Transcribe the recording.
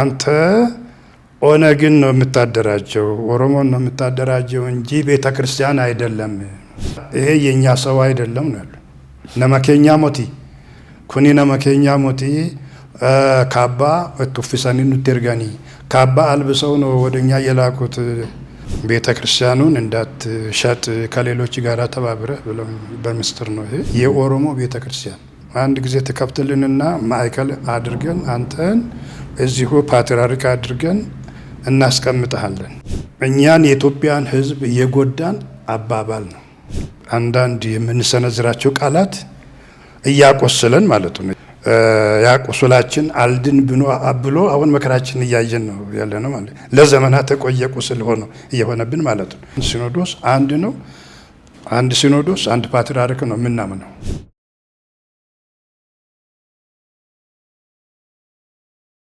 አንተ ኦነግን ነው የምታደራጀው፣ ኦሮሞን ነው የምታደራጀው እንጂ ቤተ ክርስቲያን አይደለም። ይሄ የእኛ ሰው አይደለም ነው ያሉ። ነመኬኛ ሞቲ ኩኒ ነመኬኛ ሞቲ ካባ ቱፊሰኒ ኑቴርጋኒ ካባ አልብሰው ነው ወደኛ የላኩት ቤተ ክርስቲያኑን እንዳትሸጥ ከሌሎች ጋር ተባብረ ብለው በምስጢር ነው። ይሄ የኦሮሞ ቤተ ክርስቲያን አንድ ጊዜ ትከፍትልንና ማዕከል አድርገን አንተን እዚሁ ፓትርያርክ አድርገን እናስቀምጠሃለን። እኛን የኢትዮጵያን ሕዝብ እየጎዳን አባባል ነው። አንዳንድ የምንሰነዝራቸው ቃላት እያቆስለን ማለት ነው። ያ አልድን ብኖ አብሎ አሁን መከራችን እያየን ነው ያለ ነው ማለት ለዘመናት ተቆየ ቁስል ሆኖ እየሆነብን ማለት ነው። ሲኖዶስ አንድ ነው። አንድ ሲኖዶስ አንድ ፓትርያርክ ነው የምናምነው።